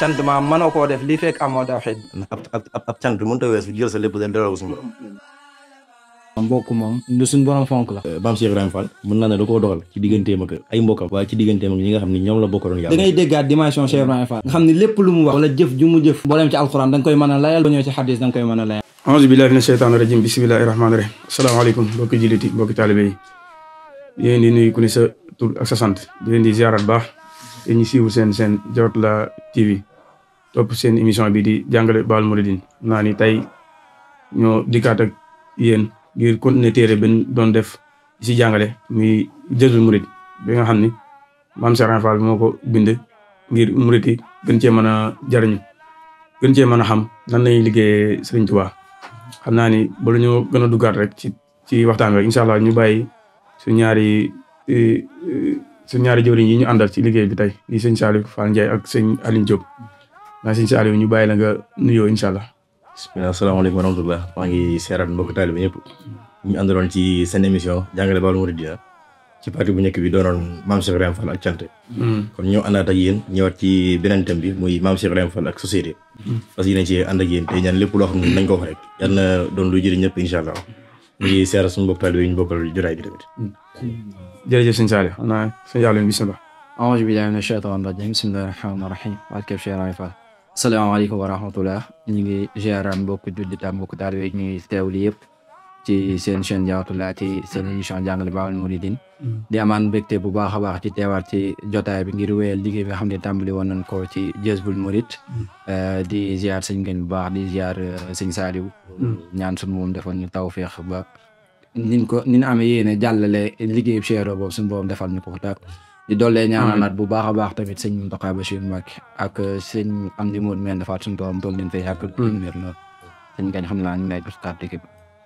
cant maa mënoo ko def lii fekk amoo tawxiid. ab ab cant mënut a weesu jël sa lépp de delloo ko suñu borom. mbokk moom lu suñu borom fonk la. Maam eh, Cheikh Ibrahima Fall mën naa ne da doxal ci digganteem ak ay mbokkam waaye ci digganteem ak ñi nga xam ne ñoom la bokkaloon yàlla. da ngay déggaat dimension Cheikh Ibrahima Fall nga xam ne lépp lu mu wax wala jëf ju jëf boo alxuraan da nga koy a layal boo ñëw ci xadis da nga koy a layal aouzu billahi mina sheytaani rajim bismillahi rahmaani sa tur sa sant di leen di ziarat baax te ñu siiwul seen seen Jawhara TV topp seen émission bi di jàngale baal muridin naa ni tey ñoo dikkaat ak yéen ngir continuer téere ben doon def ci jàngale muy jëlul murid bi nga xam ni maam moo ko bind ngir murid yi cee mën a jariñu gën cee mën a xam nan lañuy liggéeye Serigne Touba xam naa ni bala ñoo gën a duggaat rek ci ci waxtaan bi incha allah ñu bàyyi su ñaari e, e, su ñaari jëwriñ yi ñu àndal ci liggéey bi tey di sëñ Salif Fall Ndiaye ak sëñ Aline Diop naa sëñ Saliou ñu bàyyi la nga nuyoo incha allah. bisimilah asalaamaaleykum wa rahmatulah maa ngi seeraat mbokk taalibe bi ñëpp ñu àndaloon ci seen émission jàngale Baol Mouridiyya ci partie bu njëkk bi doonoon maam Cheikh Ibrahima Fall ak cant. Hmm. kon ñoo àndaat ak yéen ñëwaat ci beneen thème bi muy maam Cheikh Ibrahima Fall ak société. parce hmm. que yéen ci ànd ak yéen tey ñaan lépp loo xam ne nañ ko wax rek yal na doon luy jëriñ ñëpp incha allah ñu ngi seeraat suñu mbokk taalibe yi ñu bokkal jotaay bi tamit. Hmm. jërëjëf sëñ Saliou xanaa sëñ a bisimilah. salaamaaleykum wa rahmatullah ñu ngi géran mbokk juddita mbokk taalibe yi ñuy teewuli yëpp ci seen chaîne Diawatoulahi ci seen émission jàngale Baol Mouridine mm-hmm. di amaan mbégte bu baax a baax ci teewaat ci jotaay bi ngir wéyal liggéey bi nga xam ne tàmbali woon nañ ko ci Jazbul Murid mm-hmm. euh, di ziar sëñ ngeen bu baax di ziar euh, sëñ Saliou mm-hmm. ñaan suñu moom defoon ñu tawfeex baax nin ko nin amee yéene jàllale liggéey Cheikh boobu suñu boobu defal ñu ko ta di dollee ah. naat bu baax a baax tamit sëñ Mountakha Bachir Mbacké ak euh, sëñ am di Modou Mbène Fatou suñu toolam toog leen fay yàgg. numéro hmm. noonu. sëñ Gagne xam naa ñu ngi lay jox carte d'équipe.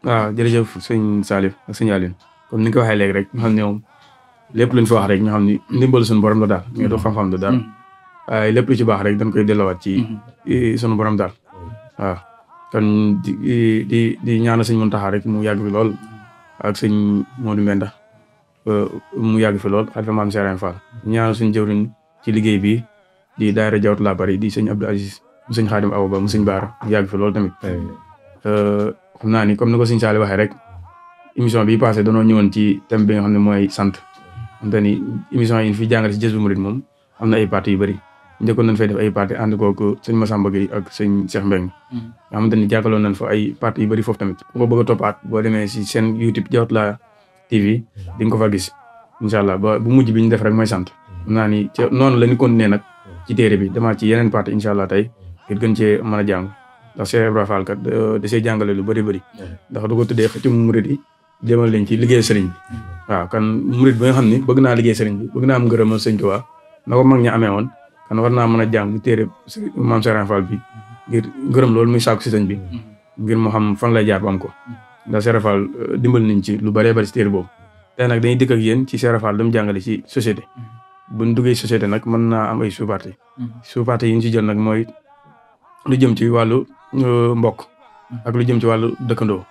waaw jërëjëf sëñ Salif ak sëñ Aline comme ni nga ko waxee léegi rek nga xam ne moom lépp luñ wax rek ñu xam ni ndimbal suñu borom la daal. ñu hmm. doon xam-xam la daal. Hmm. waaye lépp lu ci baax rek dañ koy delloowaat ci suñu borom daal. waaw di di di ñaanal sëñ Mountakha rek mu yàgg bi lool ak sëñ Modou Mbène Euh, mu yàgg fi lool xalifa maam Serigne Fall ñaan suñu jëwriñ ci liggéey bi di daayira jawat la bari di sëñ Abdou Aziz mu sëñ Xaadim Awa Ba mu sëñ Baara mu yàgg fi lool tamit euh, xam naa ni comme ni ko sëñ Saali waxee rek émission bi passé danoo ñëwoon ci thème bi nga xam ne mooy sant xam ni émission yi fi jàngale si Jazbul Mouride moom am na ay parti yu bëri njëkkoon nañ fay def ay parties ànd kooku sëñ Massa Gueye ak sëñ Cheikh Mbeng mm. nga xamante ni jàkkaloon nañ fa ay parti yu bari foofu tamit ku ko bëgg a toppaat boo demee si seen YouTube jawat laa TV di nga fa gis incha allah ba bu mujj bi def rek mooy sant mm. xam ni non lañu continuer nak ci mm. téré bi dama ci yenen parti incha allah tey mm. ngir gën ci mëna jang ndax Cheikh ibrahim Fall kat de see jangale lu bari bari ndax du ko tuddee xëcc mouride yi demal leen ci liggéey sëriñ bi waaw kan mouride bi nga xamni bëgg na liggéey sëriñ bi bëgg na am gëreemal sëñ Tuubaa nako mag ñi amé won kan war na mëna jang téré mam cheikh ibrahim Fall bi ngir gëreem lool muy sàkku ci sëñ bi ngir mu xam fan lay jaar ba am ko ndax Serafal euh, dimbal nañ ci lu bëree bëri si téere boobu tey nag dañuy dikk ak yéen ci Serafal lu mu jàngale ci société mm-hmm. bu ñu duggee société nag mën naa am ay mm-hmm. sous-parties yi ñu ci jël nag mooy lu jëm ci wàllu euh, mbokk mm-hmm. ak lu jëm ci wàllu dëkkandoo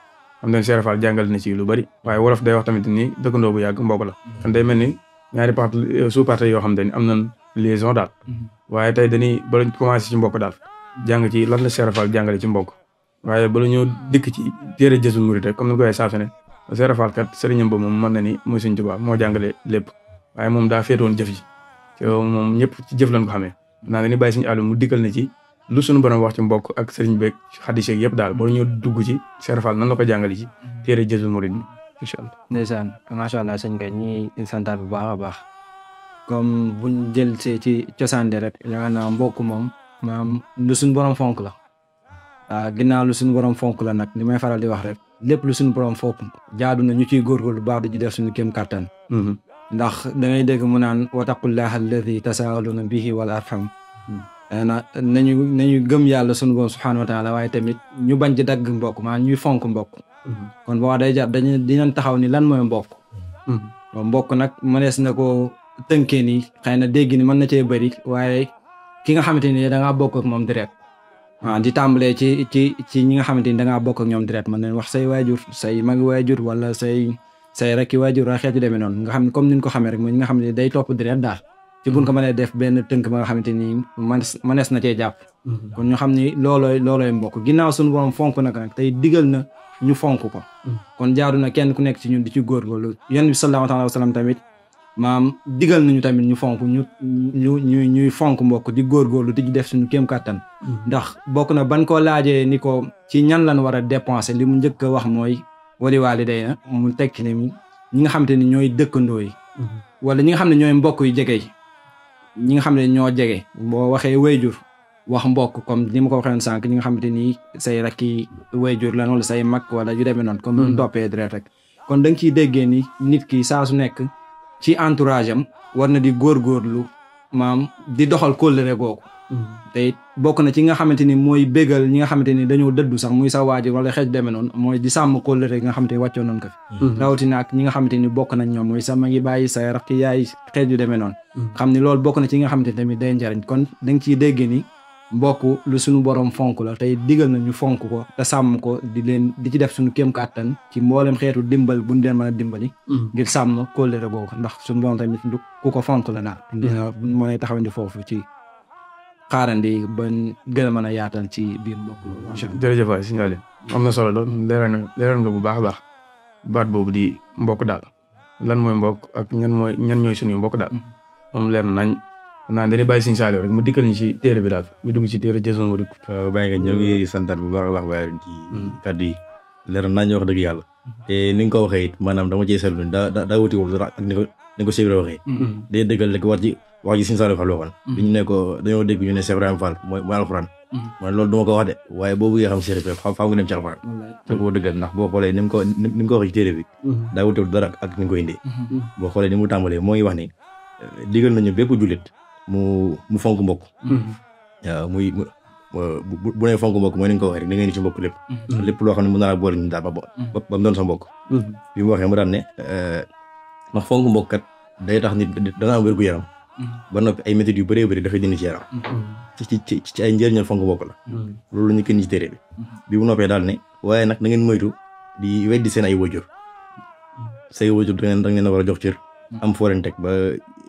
xam ne Serafal jàngale na ci lu bari waaye wolof day wax tamit ni dëkkandoo bu yàgg mbokk la kon day mel ni ñaari euh, parties sous yoo xam ne am nañ liaison daal waaye tey dañuy balañ commencé ci mbokk daal jàng ci lan la Serafal jàngale ci mbokk waaye bala ñëw dikk ci téere Jazbul rek comme ni ko waxee saa su ne Faal kat sëriñam ba moom mën na ni mooy Sëriñ Tuubaa moo jàngale lépp waaye moom daa féetewoon jëf ji moom ñëpp ci jëf lañ ko xamee naa nga ni bàyyi suñu àll mu dikkal na ci lu suñu borom wax ci mbokk ak sëriñ beeg xadis yëpp daal bala ñëw dugg ci Seera Faal ko jàngale ci téere Jazbul Mouride incha allah. ndeysaan macha allah sëñ bi ñuy santaat bu baax a baax comme buñ jël see ci cosaan rek yaakaar naa mbokk moom maam lu suñu borom fonk la waaw ah, ginnaaw lu suñu borom fonk la nag li may faral di wax rek lépp lu suñu borom fonk jaadu na ñu ciy góorgóorlu baax di ci def suñu kéem kàttan mm-hmm. ndax dangay ngay dégg mu naan wattaqullaha alladi tasaaluna bihi wal arham mm-hmm. eh, na nañu nañu gëm yàlla sunu borom subhaanahu wa taala waaye tamit ñu bañ ci dagg mbokk maanaam ñuy fonk mbokk mm-hmm. kon boo day jar dañu dinañ taxaw ni lan mooy mbokk mbokk nag mënees na ko tënkee nii xëy na dégg ni mën na cee bëri waaye ki nga xamante ni dangaa bokk moom direct Ah, di tàmbalee ci ñi nga xamante ni da ngaa bokk ak ñoom direct mën nañ wax say waajur say mag waajur wala say say rakki waajur waa xeetu demee noonu nga xam ne comme ni ñu ko xamee rek mooy ñi nga xam ne day topp direct daal ci buñ ko mënee def benn tënk ba nga xamante ni manes na cee jàpp mhm. kon ñu xam ni loolooy loolooy mbokk ginnaaw suñu borom fonk nag nag tey digal na ñu fonk ko mhm. kon jaaru na kenn ku nekk ci ñun di ci góorgóorlu yonent bi sallallahu alayhi wa tamit maam digal nañu tamit ñu fonk ñu ñu ñu ñuy fonk mbokk di góorgóorlu di def suñu kéem kàttan mm-hmm. ndax bokk na ban koo laajee ni ko ci ñan lan war a dépenser li mu njëkk a wax mooy wari waali day ah, na mu tekki ne ñi nga xam te ni ñooy dëkkandoo yi mm-hmm. wala ñi nga xam ne ñooy mbokk yu jege ñi nga xam ne ñoo jege boo waxee wayjur wax mbokk kom ni ma ko waxee sànq ñi nga xam te ni say rakki wayjur lan wala say mag wala yu demee noonu comme ñu mm-hmm. toppee deret kon da nga déggee nit ki saa nekk ci entourage am war na di góorgóorlu maam di doxal kóllëre googu. Mm-hmm. tey bokk na ci nga xamante ni mooy bégal ñi nga xamante ni dañoo dëddu sax muy sa waaj wala xeej demee noon mooy di sàmm kóllëre gi nga xamante ni wàccoo nañ ko fi mm-hmm. rawatina ak ñi nga xamante ni bokk nañ ñoom mooy sama ngi bàyyi say rakk yaay xeej yu demee noonu mm-hmm. xam ni loolu bokk na ci nga xamante ni tamit day njariñ kon da nga ciy ni mbokk lu suñu borom fonk la tey digal na ñu fonk ko te sàmm ko di leen di ci def suñu kéem kàttan ci mboolem xeetu dimbal bu leen mën a dimbali mm. ngir sàmm kóllëre boobu ndax suñu borom tamit du ku ko fonk la naa mm. dina mën a taxawandi foofu ci xaarandi ba gën a mën a yaatal ci biir mbokk jërëjëf waay sëñ Aliou na solo lool leeral leeral nga bu baax a baax baat boobu di mbokk daal lan mooy mbokk ak ñan mooy ñan ñooy suñu mbokk daal mm. xam naa dañuy bàyyi Sëñ Saliou rek mu dikkal ñu si téere bi daal mu dugg si téere Jasbul Ma'ad. waaw bàyyi nga ñoo ngi hmm. santaat bu baax a baax waaye ci hmm. kàddu yi leer naa ñu wax dëgg yàlla hmm. te ni nga ko waxee it maanaam dama cee seetlu daa daa wutiwul dara ak ni ko ni ko Cheikh Ibrahima waxee day dëggal rek wax ji wax ji Sëñ Saliou Fall waxoon bi ñu ne ko dañoo dégg ñu ne Cheikh Ibrahima Fall mooy mooy alxuraan man loolu duma ko wax de waaye boo bëggee xam Cheikh Ibrahima faaw nga dem ci alxuraan te ko dëggal ndax boo xoolee ni mu ko ni mu ko waxee ci téere bi daa wutiwul dara ak ni nga ko indee boo xoolee ni mu tàmbalee moo ngi wax ni digal nañu bépp jullit mu mu fonk mbokk. Mm-hmm. muy bu bu nee fonk bokk mooy ni nga ko waxee rek da ngeen di ci mbokk lépp. Mm-hmm. lépp loo xam ne mën naa la boole ñu daal ba mm-hmm. ba mu doon sa mbokk. bi mu waxee mu daan ne eh, ndax fonk mbokk kat day tax nit dana am wérgu yaram. ba noppi ay méthodes yu bëree bëri dafay dindi ci ci ci ci ay njëriñal fonk mbokk la. loolu la ñu kenn ci téere bi. bi noppee daal ne waaye nag da ngeen moytu di weddi seen ay wajur. say wajur da ngeen da ngeen a war a jox cër. am foo leen teg ba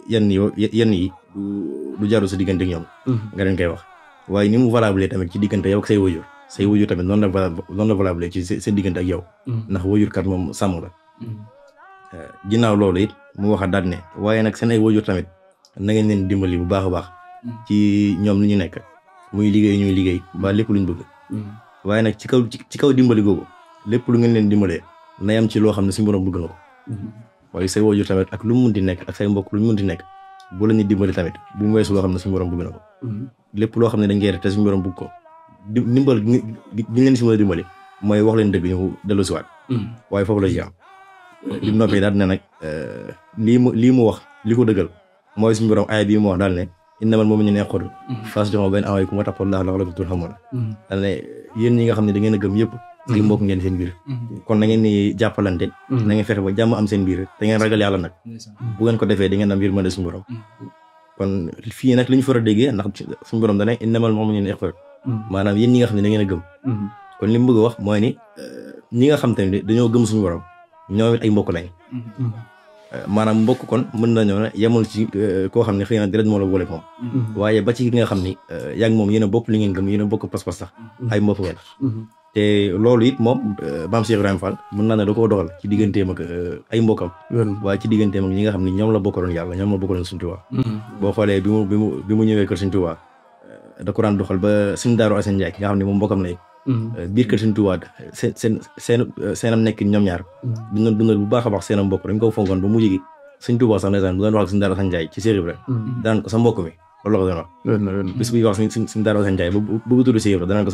yenn yi yenn yi. du jaarul sa diggante ak ñoom. Mhm. nga leen koy wax waaye ni mu valable tamit ci diggante yow ak say wajur say wajur tamit noonu la valable noonu la valable ci sa diggante ak yow. Mhm. ndax wajur kat moom sàmm la. Mhm. Eh, ginnaaw loolu it mu waxaat daal ne waaye nag seen ay wajur tamit na ngeen leen dimbali bu bax a baax. ci ñoom lu ñu nekk muy liggéey ñuy liggéey ba lépp luñ bëgg. waaye nag ci kaw ci kaw dimbali googu lépp lu ngeen leen dimbalee na yam ci loo xam ne suñu borom bëgg na ko. waaye say wajur tamit ak lu di nekk ak say lu di nekk. bu la ñu dimbali tamit bu mu xam ne suñu borom bëgg mm-hmm. lépp loo xam ne dañ koy def te suñu borom bëgg ko di dimbal gi ñu leen dimbali mooy wax leen dëgg ñu dellu siwaat mm-hmm. waaye foofu la ci am mm-hmm. bi mu noppee euh, mu lii mu wax li ko dëggal mooy suñu borom aaya bii mu wax daal ne innamal mu'minuuna ixwatun faasdiqoo bayna axawaykum wattaqullaaha la'allakum turhamuun daal ne yéen ñi nga xam ne da ngeen a ngir mm-hmm. mbokk ngeen seen biir mm-hmm. kon na ngeen ni jàppalante mm-hmm. na ngeen fexe ba jàmm am seen biir da ngeen ragal yàlla nag bu ngeen ko defee da ngeen am yërmande suñu borom kon fii nag li ñu fa a déggee ndax suñu borom dane innamal mu'minuuna ixwa maanaam yéen nga xam ne da ngeen a kon li mu bëgg a wax mooy ni euh, ñi nga xam te dañoo gëm suñu borom ñoom it ay mbokk euh, maanaam mbokk kon mën nañoo ne yemul ci euh, ko xam ne xëy na moo la boole moom waaye ba ci ki nga xam ni yaa moom yéen a bopp li ngeen gëm yéen a bokk pas-pas sax ay mbokk ngeen te loolu it moom euh, maam Cheikh Ibrahima Fall mën naa ne da koo doxal ci digganteem ak euh, ay mbokkam waaye ci digganteem ak ñi nga xam ni ñoom la bokkaloon yàlla ñoom la bokkaloon Sëñ Tuubaa mm-hmm. boo xoolee bi mu mu bi mu ñëwee kër Sëñ Tuubaa euh, da ko daan doxal ba suñu daaru nga xam ne moom mbokkam lay mm-hmm. biir kër Sëñ Tuubaa seen seen seen seenam nekk ñoom ñaar mm-hmm. duñ doon dundal bu baax a baax seenam mbokk ko fonkoon ba bu doon wax ak suñu daaru Asan Njaay ci Cheikh Ibrahima daan ko sa mbokk mi loolu la ko doon wax. bis bu ñuy wax suñ suñ suñ daara Sane Ndiaye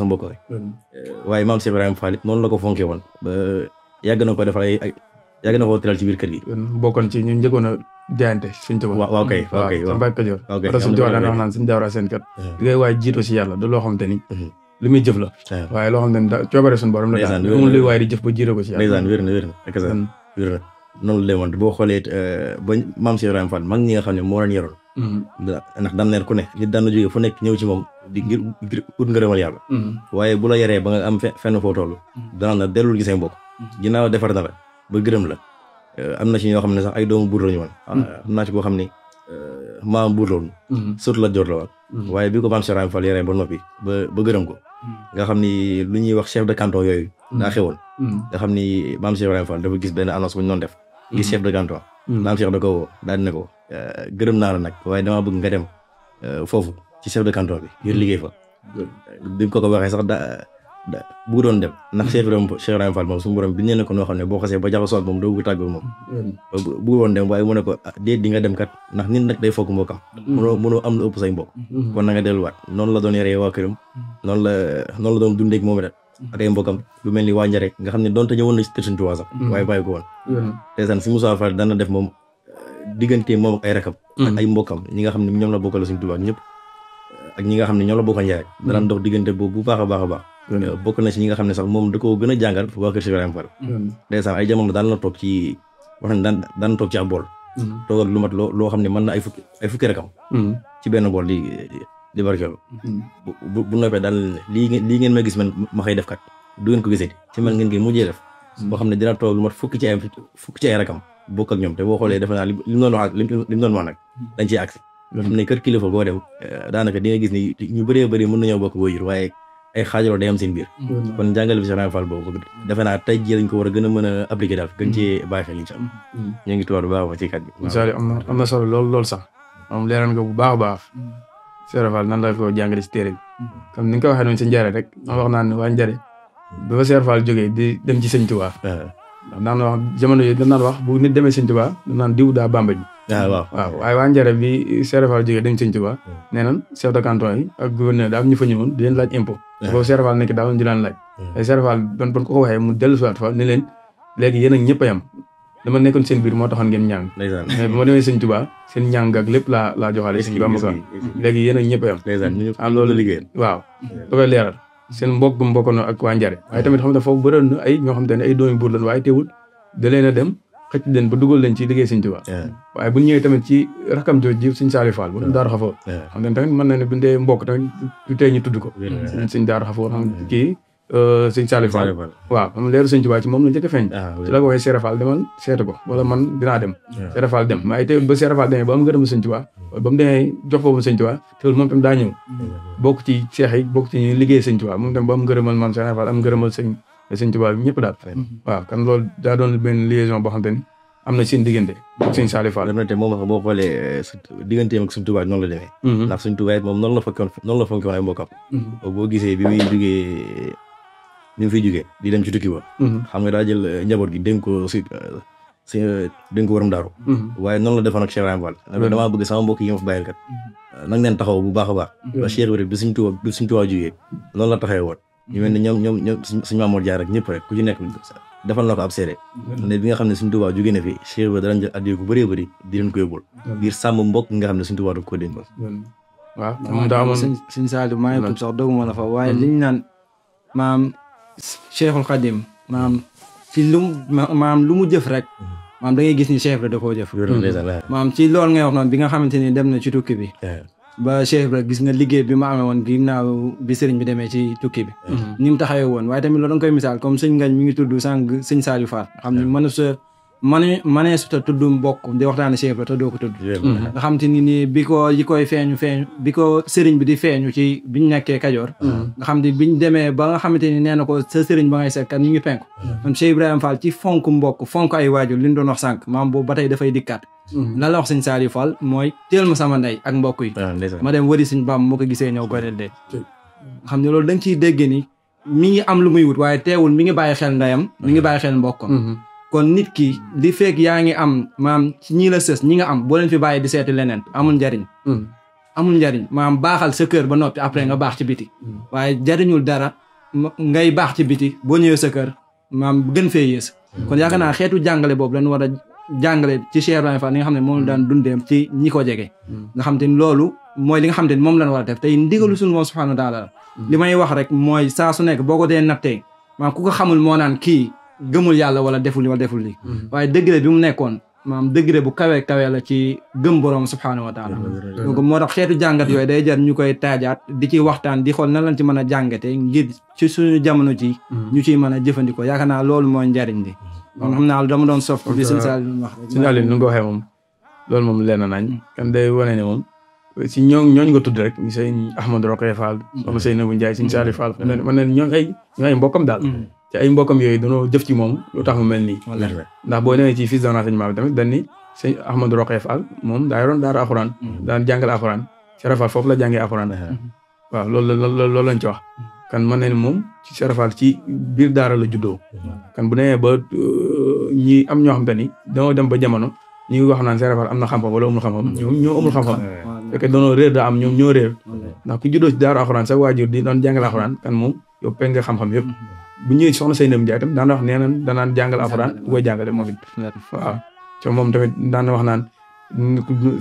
ba ba waaye maam Cheikh Ibrahima Fall noonu la ko fonkee woon. ba na ko defal ay ay yàgg na ko teral ci biir kër gi. bokkoon ci ñu a jaayante suñ tubaab. waaw waaw kay waaw kay loo xamante ni. Hmm. li la. Hmm. waaye loo xam ne da coobare suñu borom la. ndeysaan wér na waaye di jëf ba jiiree ko si yàlla. ndeysaan wér na wér na ak sa hmm. la demoon boo xoolee eh, ba maam Cheikh Ibrahima Fall mag ñi nga xam ne moo leen Mm-hmm. ndax daan leer ku nekk nit daan na jógee fu nekk ñëw ci moom di ngir ngir ut ngërëmal yàlla mm-hmm. waaye bu la yaree ba am fenn foo toll mm-hmm. danaan na dellul gi bok bokk ginnaaw defar na la ba gërëm la am na ci ñoo xam ne sax ay doomu buur lañu woon ah, am naa ci koo xam ne euh, maam buur la woon surtout la jor la woon waaye bi ko maam Sëriñ Fall yaree ba noppi ba gërëm ko nga xam ni lu ñuy wax chef de canton yooyu daa xewoon nga xam ni maam Cheikh Ibrahima Fall dafa gis benn annonce bu ñu def gis chef de canton maam Cheikh da ko woo daal ne ko Euh, gërëm naa la nag waaye damaa bëgg nga dem euh, foofu ci chef de canton bi ngir liggéey fa. bi ko ko waxee sax da da bu doon dem ndax Cheikh Ibrahima Cheikh Ibrahima Fall moom suñu bi ñu ne ko noo xam ne boo xasee ba jaxasoo ak moom doo ko tàggu moom. Mm. bu doon dem waaye mu ne ko ah, dee di nga dem kat ndax nit nag day fokk mbokkam. mënoo mm. mënoo am lu ëpp say mbokk. Mm. kon na nga delluwaat noonu la doon yoree waa këram. noonu la noonu la doon dundee ak moom ak ay mbokkam lu mel ni waa Njare nga xam ne donte ñëwoon na ci Tëriñ Tuubaa sax. waaye bàyyi ko woon. te san si Moussa diggante moom ak ay rakam. Mm-hmm. ak ay mbokkam ñi xam ne ñoom la bokkal Sëriñ Tuubaa ñëpp. ak ñi nga xam ne ñoom la bokkal njaay. daan dox diggante boobu bu baax a baax a baax. Mm-hmm. Euh, bokk na ci ñi nga xam ne sax moom da koo gën a jàngal waa Kër Cheikh Ibrahima Fall. Mm-hmm. ndeysaan ay ci wax nañ bool. lu mat loo loo xam ne man na ay fukki ay fukki rakam. ci benn bool di di barkeelu. bu bu bu noppee daal lii ngeen lii gis man ma xëy def kat du ngeen ko gisee ci man ngeen koy mujjee def. boo xam ne dina toog lu mat fukki ci ay fukki bokk ak ñoom te boo xoolee hmm. defe naa li mu doon wax li mu doon hmm. ne kër kilifa boo dem eh, daanaka di nga gis ni ñu bëree bëri mën nañoo bokk waajur waaye ay xaajaloo day am seen biir hmm. kon jàngale bi Serigne Fall boobu defe naa tey jii lañ ko war a a mën a appliquer daal gën ci ngi tuwaat baax a baax ci kat bi incha allah am na am na solo lool lool sax moom leeral nga bu baax a baax Serigne nan la ko jàngale si téere bi comme ni nga ko waxee noonu si njare rek ma wax naa ne waa njare ba fa Serigne Fall jógee di dem ci sëñ Tuubaa ah. ndax daan wax jamono yi daan wax bu nit demee sëñ Tuubaa naan diw daa bàmba ji ah, waaw waaye waa Njare bi Serigne Fall jógee dem sëñ Tuubaa hmm. nee nan chef de canton yi ak gouverneur ñu fa ñëwoon di leen laaj impôt hmm. boobu Serigne Fall nekk daawoon di leen laaj hmm. ay Serigne ko ko waxee mu dellu siwaat fa ni leen léegi yéen ak ñëpp dama nekkoon seen biir moo taxoon ngeen ñàng mais bu ma demee sëñ Tuubaa seen ñàng ak lépp laa laa joxaale sëñ Bàmba léegi yéen ak ñëpp a yam am ah, loolu liggéey waaw da koy leeral seen mbokk mbokkono ak waa njare waaye tamit xam ne foofu bëroon na ay ñoo xam te ne ay doomi buur lañ waaye teewul da leen a dem xëcc leen ba dugal leen ci liggéey Sëñ Tuubaa waaye bu ñëwee tamit ci rakam jooju ji Sëñ Saliou Fall daar Daaru Xafoor xam ne tamit mën na ne bu ndee mbokk tamit du tey ñu tudd ko Sëñ Daaru Xafoor xam kii sëñ Salif Fall waaw am leeru sëñ Tuubaa ci moom la njëkk a feeñ ci la ko waxee Seera Fall demal seeta ko wala man dinaa dem Seera Fall dem mais ay tey ba Seera Fall demee ba am ngërëm sëñ Tuubaa ba mu demee jox boobu sëñ Tuubaa teewul moom tam daa ñëw bokk ci seex yi bokk ci ñuy liggéey sëñ Tuubaa moom tam ba am ngërëmal man Seera Fall am ngërëmal sëñ sëñ Tuubaa bi ñëpp daal waaw kan loolu daa doon benn liaison boo xam te ni am na seen diggante ak sëñ Salif Fall dem na te moom wax boo xoolee digganteem ak sëñ Tuubaa noonu la demee ndax sëñ Tuubaa moom noonu la fekkoon noonu la fonkoon ay mbokkam boo gisee bi muy jógee bi mu fiy jógee di dem ci tukki ba. Mhm. xam euh, ko si euh, si euh, dénk ko waram daaru. Mhm. waaye noonu la defoon ak Cheikh Ibrahima Fall. Mhm. damaa bëgg sama mbokk yi ma fa bàyyil kat. bu baax ba Cheikh bi rek bi suñ tuwa bi suñ tuwa la taxawee ñu mel ne ñoom ñoom ñoom suñ Maamoor Jaar ku ci nekk defal na ko ne bi nga xam ne suñ Tuubaa jógee na fi Cheikh Ibrahima danañ jël addiya bu nga xam ne suñ Tuubaa ko dénkoon waaw moom daa amoon suñ Saliou maa cheikhul xadim maanaam ci lu maanaam lu mu jëf rek maanaam da ngay gis ni cheikh da koo jëf maanaam ci loolu ngay wax noonu bi nga xamante ni dem na ci tukki bi ba Cheikh Ibra gis nga liggéey bi ma amee woon naaw bi sëriñ bi demee ci tukki bi mm-hmm. ni mu taxawee woon waaye tamit loolu da nga koy misaal comme sëñ nga mi ngi tudd sàng sëñ Saliou Fall xam ne mën mane manee su ta tudd mbokk di waxtaan Cheikh Ibra te doo ko tudd mm. nga xam te ni nii bi ko yi koy feeñu feeñu bi ko sëriñ bi di feeñu ci biñ nekkee Kajoor mm. nga xam te biñ demee ba nga xamante ni nee na ko sa sëriñ ba ngay seetkat ñu ngi penk mm. kon Cheikh Ibrahima ci fonk mbokk fonk ay waajur li ñu doon wax sànq maam boobu ba tey dafay dikkaat lan la wax sëñ Saliou Fall mooy teel ma sama ndey ak mbokk yi ah, ma dem wari sëñ Bàmb mu ko gisee ñëw goneel dee nga xam ne loolu da nga ciy dégg ni mi ngi am lu muy wut waaye teewul mi ngi bàyyi xel ndeyam mi ngi bàyyi xel mbokkam mm-hmm. kon nit ki di fekk yaa ngi am maam ci ñii la sës ñi nga am boo leen fi bàyyi di seeti leneen amul njariñ hmm. amul njariñ maam baaxal sa kër ba noppi après nga baax ci biti hmm. waaye jariñul dara ngay baax ci biti boo ñëwee sa kër maam gën fee yées hmm. kon yaakaar naa xeetu jàngale boobu lañu war a jàngale ci Cheikh fa Fall li nga xam ne moom daan dundeem ci ñi ko jege nga xam te ni loolu mooy li nga xam te ni moom la war a def tey ndigalu suñu moom subhaanahu wa li may wax rek mooy saa su nekk boo ko dee nattee maam ku ko xamul moo naan kii gëmul yàlla wala deful wala deful li mhm. waaye degré bi mu nekkoon maanaam degré bu kawee kawee la ci gëm borom subhaanahu wa taala donc moo tax xeetu jàngat yooyu day jar ñu koy taajaat di ci waxtaan di xool nan lañ ci mën a jàngate ngir ci suñu jamono ci mhm. ñu ciy mën a jëfandikoo yaakaar naa loolu mooy njariñ bi kon xam naa dama doon sof bi sëñ Saliou wax sëñ Saliou nu nga ko waxee moom loolu moom lenn nañ ne moom si ñooñ ñooñ nga tudd rek ñu sëñ Ahmadou Rokhaya Fall sama sëñ Nabou Ndiaye sëñ mhm. Saliou Fall mën na ñooñ ay daal te ay mbokkam yooyu danoo jëf ci moom lu tax mu mel nii. ndax boo demee ci fils d'un enseignement bi tamit dañ ni sëñ Ahmadou Roqee moom daa yoroon daara mhm. daan jàngal alxuraan. Cheikh foofu la jàngee alxuraan. Mhm. waaw loolu loolu lañ ci wax. kan mën nañ moom ci Cheikh Fall ci biir daara la juddoo. Mhm. kan bu demee ba euh, ñi am ñoo xam te ni dañoo dem ba jamono ñu wax naan Cheikh Fall am na xam-xam wala amul xam-xam. ñoom ñoo amul xam-xam. fekk danoo réer daa am ñoom ñoo réer. ndax ku juddoo ci daara alxuraan sa waajur di doon jàngal alxuraan kan moom yow pegg nga xam-xam yëpp bu ñëwee soxna Seynab Ndiaye tam daana wax nee naan danaan jàngal alxuraan bu koy jàngale moom it waaw so moom tamit daana wax naan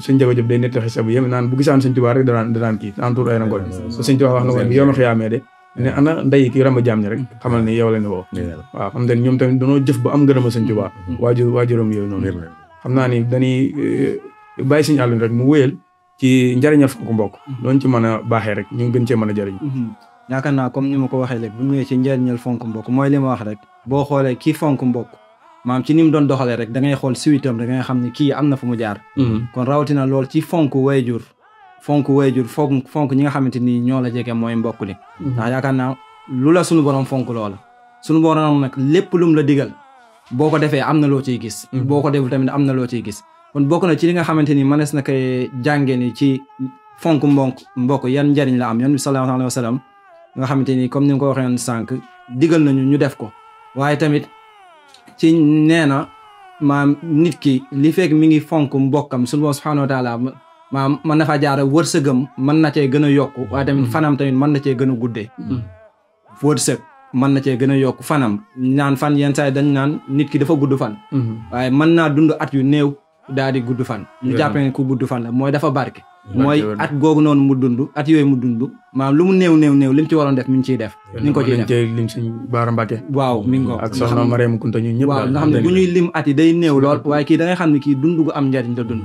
sëñ Jago Jëb day netti xisa bu yem naan bu gisaan sëñ Tuubaa rek danaan danaan kii danaan tuur ay rangoñ so sëñ Tuubaa wax na ko de ne ana nday kii ramba jaam ñi rek xamal ne yow la ne woo waaw xam te ñoom tamit danoo jëf ba am ngërëma sëñ Tuubaa mm-hmm. waajur waajuram yooyu noonu xam naa ni dañuy eh, bàyyi sëñ àll rek mu wéyal ci njariña fonk mbokk mm-hmm. loolu ci mën a baaxee rek ñu gën cee mën a jariñ mm-hmm. yaakaar naa comme ni ma ko waxee léegi bu ñëwee ci njëriñal fonk mbokk mooy li ma wax rek boo xoolee kii fonk mbokk maam ci ni mu doon doxalee rek dangay ngay xool suitam da ngay xam ne kii am na fu mu jaar mm-hmm. kon rawatina lool ci fonk wayjur fonk wayjur fonk fonk ñi nga xamante ni ñoo la jege mooy mbokk li mm-hmm. ndax yaakaar naa lu la sunu borom fonk lool sunu borom nag lépp lum la digal boo ko defee am na loo ciy gis mm-hmm. boo ko deful tamit am na loo ciy gis kon bokk na ci li nga xamante ni mënees na koy jàngee ni ci fonk mbok mbokk yan njariñ la am yan bi sallallahu alayhi nga xamante ni comme ni nga ko waxee woon sànq digal nañu ñu def ko waaye tamit ci nee na maam nit ki li fekk mi ngi fonk mbokkam suñu borom subhaanahu maam mën na faa jaara wërsëgam mën na cee gën a yokk waaye tamit mm. fanam tamit mën na cee gën a guddee mm. wërsëg mën na cee gën a yokk fanam naan fan yenn saa dañ naan nit ki dafa gudd fan mm-hmm. waaye mën naa dund at yu néew daal di gudd fan ñu jàppee ne ku gudd fan la mooy dafa barke mooy at googu noonu mu dund at yooyu mu dund maanaam lu mu néew néew néew li mu ci waroon def mi ngi ciy def mi ko ciy def lim suñ Baara Mbacke waaw mi ngi ko ñu ñëpp waaw xam ne bu ñuy lim at yi day néew lool waaye kii da xam ne kii dund gu am njariñ la dund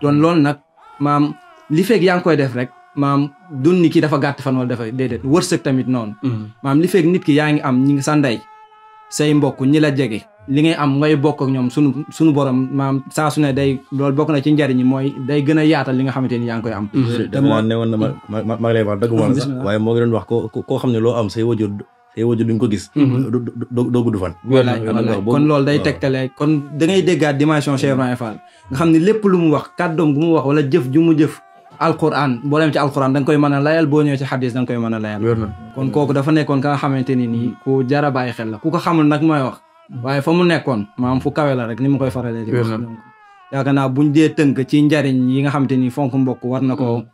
doon mm. loolu nag maam li feeg yaa ngi koy def rek maam dund ni kii dafa gàtt fan wala dafa déedéet wërsëg tamit noonu mm. maam li feeg nit ki yaa ngi am ñi ngi sa ndey say mbokk ñi la jege li ngay am ngay bokk ak ñoom sunu suñu borom maam saa su ne day loolu bokk na ci njariñi mooy day gën a yaatal li nga xamante ni yaa ngi koy am mm-hmm. woon na ma ma moo ngi doon wax ko koo xam ne loo am say wajur say wajur mm-hmm. doo gudd fan kon loolu day tegtale kon da ngay déggaat dimension Cheikh Ibrahima Fall nga xam ne lépp lu mu wax kàddoom gu mu wax wala jëf ju mu jëf alquran boo dem ci alquran da nga koy mën a layal boo ñëwee ci xadis da nga koy mën a layal kon kooku dafa nekkoon ka nga xamante ni nii ku jar bàyyi xel la ku ko xamul nag mooy wax waaye fa mu nekkoon maam fu kawe la rek ni mu koy faralee di wax donc yaakaar naa buñ dee tënk ci njariñ yi nga xam te ni fonk mbokk war na ko mm.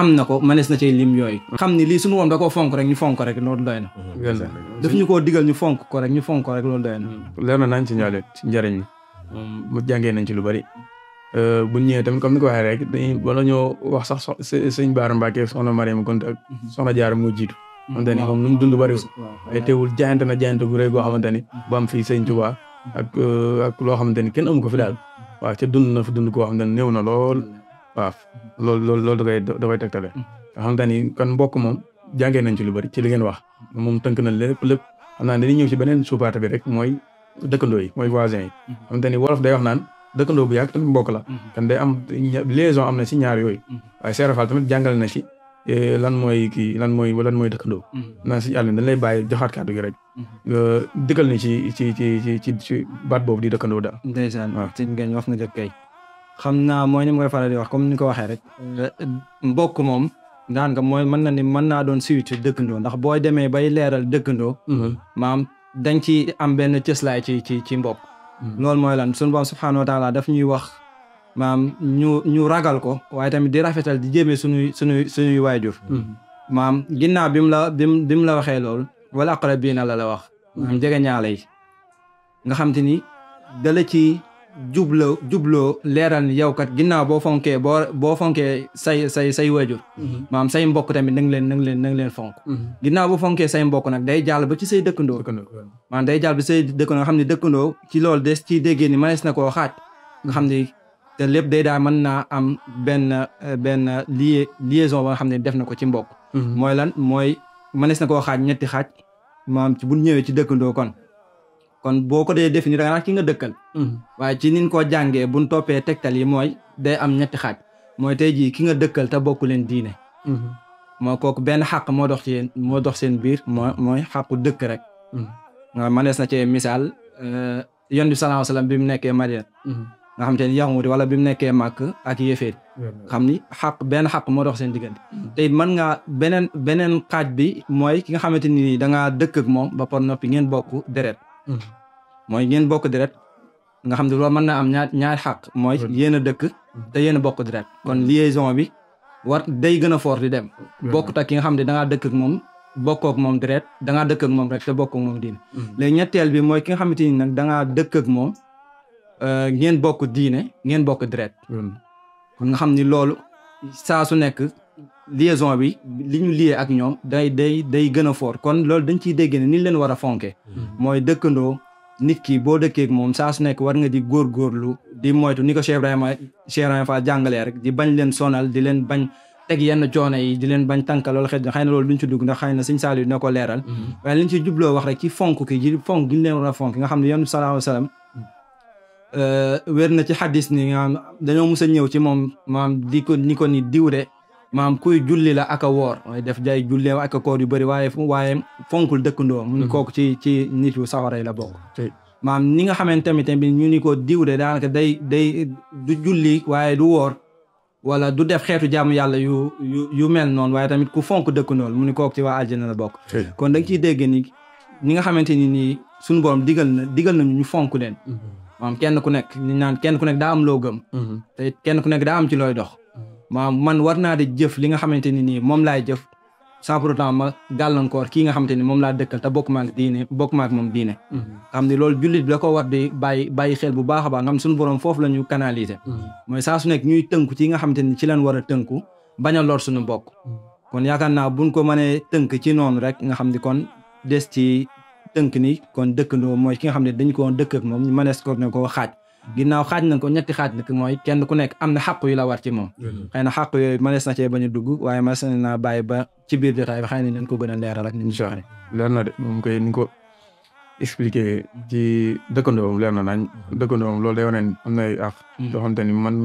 am na ko mënees na cay lim yooyu mm. xam ni lii suñu woon da koo fonk rek ñu fonk rek loolu doy na mm. daf ñu koo digal ñu fonk ko rek ñu fonk rek loolu doy leer na nañ ci alek ci njariñ li mu jàngee nañ ci lu bari euh, buñ ñëwee tamit comme ni ko waxee rek dañuy wala ñoo wax sax sëñ Baara Mbacke soxna Mariam Konte ak mm-hmm. soxna jaar moo jiitu xamante ni moom lu mu dund bariwul ay teewul jaayante na jaayante gu rëy goo xamante ni bu am fii sëñ Tuubaa euh, ak loo xamante ni kenn amu ko fi daal waaw ca dund na fi dund koo xamante ni néew na lool waaw loolu loolu loolu da koy da koy tegtale xamante ni kon mbokk moom jàngee nañ ci lu bari ci li ngeen wax moom tënk na lépp lépp xam naa dañuy ñëw ci beneen suupaate bi rek mooy dëkkandoo yi mooy voisins yi xamante ni wolof day wax naan dëkkandoo bu yàgg mbokk la mm-hmm. kan day am liaison am na si ñaar yooyu mm-hmm. waaye Seex tamit jàngale na ci Eh, lan mooy kii lan mooy lan mooy dëkkandoo. Mm-hmm. naa si àll dañ lay bàyyi joxaat kàddu gi rek. Mm-hmm. nga dëkkal ni ci ci ci ci ci ci baat boobu di dëkkandoo daal. ndeysaan waaw ci ngeen wax na dëkk kay. xam naa mooy ni ma koy faral di wax comme ni ko waxee rek. Eh, mbokk moom naan nga mooy mën na ni mën naa doon suite dëkkandoo ndax boo demee bay leeral dëkkandoo. Mm-hmm. maam dañ ci am benn cëslaay ci ci ci mbokk. loolu mooy lan sunu borom subhaanahu wa taala daf ñuy wax. maam ñu ñu ragal ko waaye tamit di rafetal di jéeme suñuy suñuy suñuy waajur hmm. maam ginnaaw bi mu la bi mu bi mu la waxee loolu wala aqrabiina la la wax maam jege ñaale nga xam te ni dala ci jubloo jubloo leeral ni yow kat ginnaaw boo fonkee boo boo fonkee say say say waajur hmm. maam say mbokk tamit na nga leen na leen na leen fonk hmm. ginnaaw boo fonkee say mbokk nag day jaal ba ci say dëkkandoo maam day jàll ba ci say dëkkandoo nga xam ne dëkkandoo ci loolu de ci déggee ni mënees na koo xaaj nga xam ne te lépp day daal mën naa am benn euh, benn lie liaison ba xam ne def na ko ci mbokk mhm. mooy lan mooy mënees na koo xaaj ñetti xaaj maam ci bu ñëwee ci dëkkandoo kon kon boo ko dee définir da ki nga dëkkal mhm. waaye ci nin koo jàngee buñ toppee tegtal yi mooy day am ñetti xaaj mooy tey jii ki nga dëkkal te bokku leen diine mhm. moo kook benn xàq moo dox ci yéen moo dox seen biir moo mooy xàqu dëkk rek nga mënees na cee misaal euh, yon bi sallallahu alayhi wasallam bi mu nekkee Madina nga xam te ni di wala bi mu nekkee màkk ak yéeféer xam ni xaq benn xaq moo dox seen diggante hmm. te it mën ngaa beneen beneen xaaj bi mooy ki nga xamante ni dangaa dëkk ak moom ba noppi ngeen bokk deret hmm. mooy ngeen bokk deret nga xam ne loolu mën naa am ñaar ñaari xaq mooy yéen a dëkk hmm. te yéen bokk deret kon liaison bi war day gën a fort di dem bokkut ak ki xam ne dangaa dëkk ak moom bokkook moom deret dangaa dëkk ak moom rek te bokkook moom diine léegi ñetteel bi mooy ki nga xamante ni nag dangaa dëkk ak moom Euh, ngeen bokk diine ngeen bokk deret hmm. kon nga xam ni loolu saa su nekk liaison bi li ñu lié ak ñoom day day day gën a fort kon loolu dañ ciy dégg ne ni leen war a fonke hmm. mooy dëkkandoo nit ki boo dëkkee moom saa su nekk war nga di góor góorgóorlu di moytu ni ko Cheikh Ibrahima Cheikh Ibrahima Fall jàngalee rek di bañ leen sonal di leen bañ teg yenn coono yi di leen bañ tànka loolu xëy na xëy na loolu duñ ci dugg ndax xëy na sëñ Saliou dina ko leeral hmm. waaye liñ ci jubloo wax rek ci fonk ki ji fonk gi ñu leen a Euh, wér na ci xadis ni maam dañoo mus a ñëw ci moom maam di ko ni ko ni diwre maam kuy julli la ak a woor mooy def jay jullee ak koor yu bari waaye waaye fonkul dëkkandoo mu ni kooku ci ci nit yu sawaray la bokk maam ni nga xamante ñu ni ko diwre daanaka day day du julli waaye du woor wala du def xeetu jaamu yàlla yu yu yu mel noonu waaye tamit ku fonk dëkkandoo mu ni kooku ci waa aljana la bokk kon da nga ciy dégg ni ñi nga xamante ni nii suñu borom digal na digal nañu ñu fonk den maam kenn ku nekk ku nekk daa am loo gëm. Mhm. te kenn ku nekk daa am ci looy dox. Mhm. maam man war naa di jëf li nga xamante ni nii moom laay jëf sans pour autant ma gàllankoor kii nga xamante ni moom laa dëkkal te bokk ma ak diine bokk ma ak moom diine. Mhm. xam ni loolu jullit bi da ko war di bàyyi bàyyi xel bu baax a baax nga xam suñu borom foofu la ñu canaliser. mooy saa su nekk ñuy tënku ci nga xamante ni ci lañ war a tënku bañ a lor suñu bokk. kon yaakaar naa buñ ko mënee tënk ci noonu rek nga xam ni kon tënk ni kon dëkkandoo mooy ki nga xam ne dañ ko dëkk ak moom ñu mënees ko ne koo xaaj ginnaaw xaaj nañ ko ñetti xaaj nag mooy kenn ku nekk am na xàq yu la war ci moom mm-hmm. xëy na xàq yooyu mënees na cee bañ a dugg waaye mënees na bàyyi ba ci biir jotaay bi xëy na ko gën a leeral ak ni ñu soxee leer na de moom koy ni ko expliqué ji dëkkandoo moom leer na nañ mm-hmm. dëkkandoo moom loolu day wane am na ay àq mm-hmm. yoo man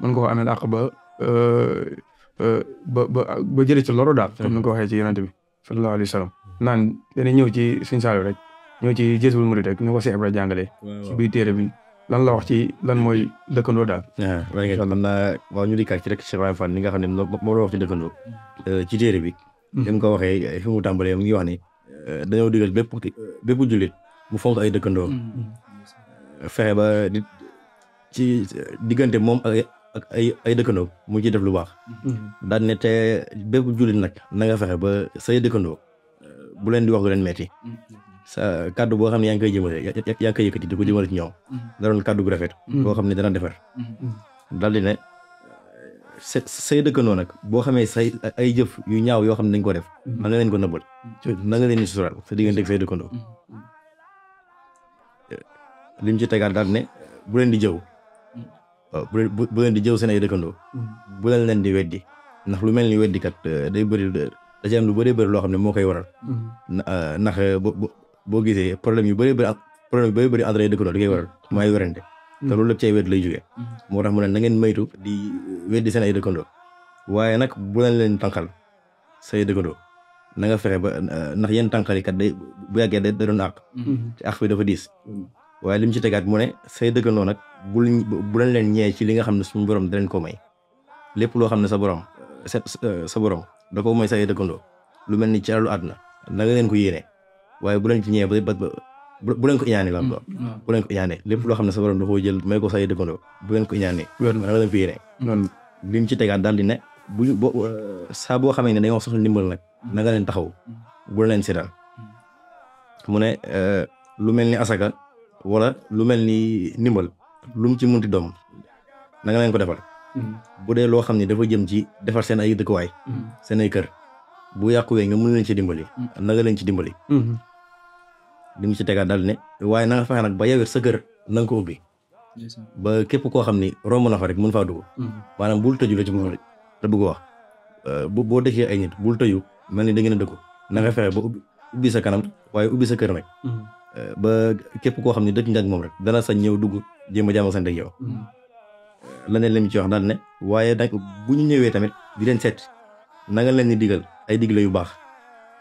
mën ko amee àq ba euh, euh, ba ba ba jëlee ci loru daal comme ni ko waxee ci yonent bi sallallahu alayhi naan dañuy ñëw ci Sëñ Saliou rek ñëw ci Jazbul Murid rek ñu ko Cheikh Ibra jàngale ci biir téere bi lan la wax ci lan mooy dëkkandoo daal. Ah, waaw man naa waaw ñu dikkaat ci rek Cheikh Ibrahima Fall mi nga xam ne moo la wax ci dëkkandoo. Euh, ci téere bi. Hmm. ni ko waxee fi mu tàmbalee mu ngi wax ni euh, dañoo digal bépp bépp jullit mu fonk ay dëkkandoo. Hmm. Euh, fexe ba di ci diggante moom ak ak ay ay dëkkandoo mu ciy def lu baax. Hmm. daan ne te bépp jullit nag na nga fexe ba say dëkkandoo. bu len di wax lu metti sa cadeau bo xamni yang koy jëmale yang koy yëkëti diko ko jëmale ci ñoom da doon cadeau gu rafet hmm, hmm. bo xamni ne dana defar hmm, dal di ne say dëkkandoo nak bo xamé say ay jëf yu ñaaw yo xamni dañ ko def na nga leen ko neubul na nga leen sural sa diggante ak say dëkkandoo eh, lim ci tegaat dal ne bu len di jëw bu len di jëw seen ay dëkkandoo bu len len di weddi ndax lu melni ni kat eh, day bëri eh, da ci lu bëree bëri loo xam ne moo koy waral. Mhm. Euh, ndax euh, boo boo gisee problème yu bëree bëri ak problème yu bëree bëri li koy waral mooy werante. Mhm. te loolu lépp ci ay wet lay jógee. Mhm. moo tax mu ne na ngeen maytu di euh, weddi seen ay dëkkandoo. waaye nag bu leen leen tànqal say na nga fexe ba ndax yéen tànqal yi bu yàggee da doon àq. te dafa diis. waaye li mu ci tegaat mu ne say nag bul bu leen leen ñee ci li nga xam ne suñu borom da leen may lépp loo xam ne sa borom sa borom. da ko mooy say dëkkandoo lu mel ni ceralu àdduna na nga leen ko yéene waaye bu leen ci ñëwee ba bu leen ko iñaane la mm, bu leen ko iñaane lépp loo xam ne sa borom da koo jël may ko say dëkkandoo bu leen ko iñaane na nga leen li mu ci tegaat daal di ne bu bo saa boo xamee ne dañoo soxla nag mm. na nga mm. leen taxaw bu leen si daal mu ne eh, lu mel ni asaka wala lu mel ni ndimbal lu mu ci munti doom na nga leen ko defal Mm-hmm. bu dee loo xam ne dafa jëm ci defar seen ay dëkkuwaay mm-hmm. seen ay kër bu yàquwee nga mën leen ci dimbali mm-hmm. na nga leen ci dimbali li mu ci tegaat daal ne waaye na nga fexe nag ba yewet sa kër na ko ubbi ba képp koo xam ni romb na fa rek mën faa dugg maanaam bul tëju la ci mën te bëgg wax euh, bu boo dëkkee ay nit bul tëju mel ni da ngeen a dëkku na nga fexe ba ubbi sa kanam waaye ubbi sa kër euh, ba képp koo xam ne dëkk njàng moom rek dana sañ ñëw dugg jéem a jàmm sante yow leneen leen ci wax daan ne waaye nag bu ñu ñëwee tamit di leen seet na leen ni diggal ay digle yu baax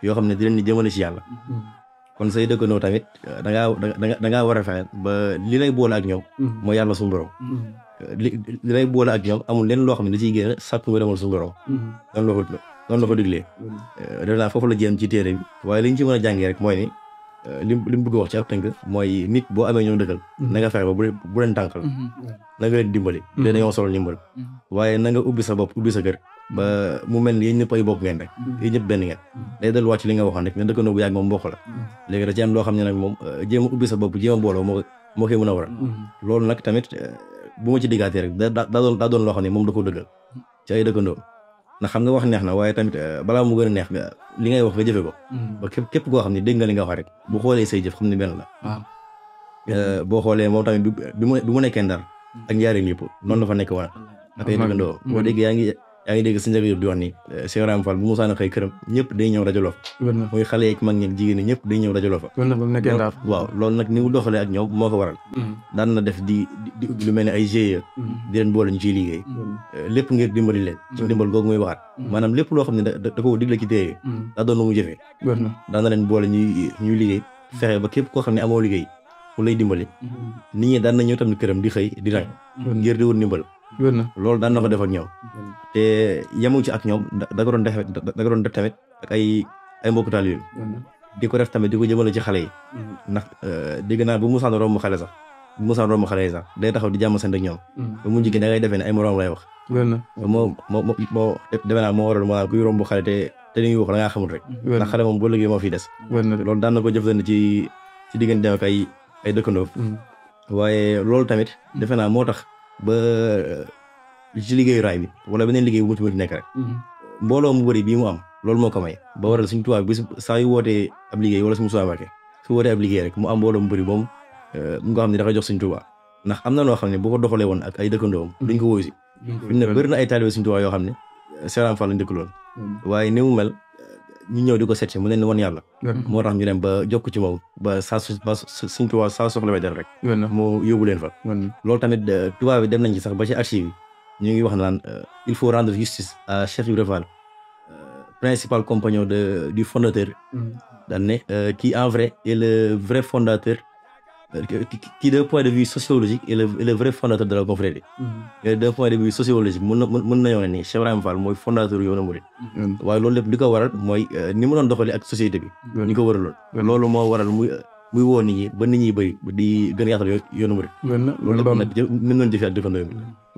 yoo xam ne di leen ni jëmale ci yàlla mm-hmm. kon say dëkkandoo tamit euh, da ngaa da ngaa war a fexe ba li lay boole ak mm-hmm. mooy yàlla suñu borom mm-hmm. li li lay boole ak ñoom amul leen loo xam ne da ciy génn sàkku nga demal suñu borom noonu la la ko diglee euh, def naa foofu la jéem ci téere mi waaye li ñu ci mën a jàngee mooy ni li li mu bëgg wax ci ab mooy nit boo amee ñoom dëkkal mhm. na nga fexe ba bu bu leen tànkal mhm. na nga leen dimbali mhm. leen dañoo solo ndimbal waaye na nga ubbi sa bopp ubbi sa kër ba mu mel ni yéen ñëpp ay bokk ngeen rek yéen ñëpp benn ngeen day dal wàcc li nga waxoon rek ne dëkkandoo bu yàgg moom mbokk la léegi da ci loo xam ne nag moom euh, jéem ubbi sa bopp jéem a booloo moo moo koy mën a waral loolu nag tamit euh, bu ma ci diggaatee rek da daa doon daa doon loo xam ne moom da ko dëggal ci ay dëkkandoo ndax xam nga wax neex na waaye tamit euh, balaa mu gën a neex nga li ngay wax nga jëfe ko hmm. ba képp képp koo xam ne dégg nga li nga wax rek bu xoolee say jëf xam ne benn la euh, boo xoolee moom tamit bi mu nekkee ndar ak njaareem yëpp noonu la fa nekk woon ak ay doo hmm. boo dégg yaa ngi yaa ngi dégg sëñ Sabiir di wax ni eh, Cheikh Ibrahima Fall bu mu saan xëy këram ñëpp day ñëw rajo Jolof muy xale yeeg mag ñëpp day ñëw rajo Jolof waaw loolu nag ni mu doxalee ak ñoom moo ko waral mm-hmm. daan na def di di ubbi lu mel ne ay GIE mm-hmm. ñu ciy liggéey mm-hmm. eh, lépp ngir dimbali leen ci dimbal googu muy waxaat maanaam lépp loo xam ne da ko digle ci téye daa doon lu mu jëfee daan na leen boole ñuy ñuy liggéey fexe ba képp koo xam ne amoo liggéey ku lay dimbali nit ñi daan na ñëw tamit këram di xëy di nag ngir di wut ndimbal wér na loolu daan na ko def ak ñoom. te yemu ci ak ñoom da ko doon def da ko doon def tamit ay ay mbokk di ko def tamit di ko a ci xale yi. Mm-hmm. ndax euh, dégg naa bu mu musaan romb xale sax bu mu musaan romb xale yi sax day taxaw di jàmm seen ak ñoom. Mm-hmm. ba mu jigéen da ngay defee ay moroom lay wax. wér na moo moo moo demee naa moo waral moo kuy romb xale te te ñuy wax da ngaa xamul rek. Mm-hmm. ndax xale moom boo léegi moo fiy des. wér na loolu daan na ko jëflante ci ci diggante ak ay ay dëkkandoo. waaye loolu tamit defe naa moo tax. ba ci liggéeyu raay bi wala beneen liggéey bu mu nekk rek. Mhm. mbooloo mu bëri bii mu am loolu moo ko may. ba waral suñu tubaab bi saa yu wootee ab liggéey wala suñu suwaabake su wootee ab liggéey rek mu am mbooloo mu bëri moom eh, mu nga xam ne dafa jox suñu tubaab ndax am na noo xam ne boo ko doxalee woon ak ay dëkkandoom mhm. duñ ko wóosi. duñ ko wóosi bëri na ay taalibe suñu tubaab yoo xam ne Serigne Fall lañ dëkkaloon mhm. waaye ni mu mel ñu ñëw di ko seet si mu leen woon yàlla moo tax ñu dem ba jokk ci moom ba saa su ba suñ tubaab saa soxla may def rek fa loolu tamit euh, tubaab bi dem nañ ci sax ba ci archive yi ñu wax naan euh, il faut rendre justice à Cheikh Ibra Fall euh, principal compagnon de du fondateur mm. dañ ne qui en vrai est le vrai fondateur Euh, qui d'un point de vue sociologique est le, est le vrai fondateur mm-hmm. euh, na mën nañoo ne mooy fondateur yoonu Mouride. Mm-hmm. waaye loolu lépp waral mooy euh, ni mu doon ak société bi. ñu mm-hmm. ko waraloon loolu moo waral muy woo nit ñi ba nit ñi bëri di gën a yaatal yoonu murid. loolu lépp nag jë mën nañu jëfee ak jëfandoo bi.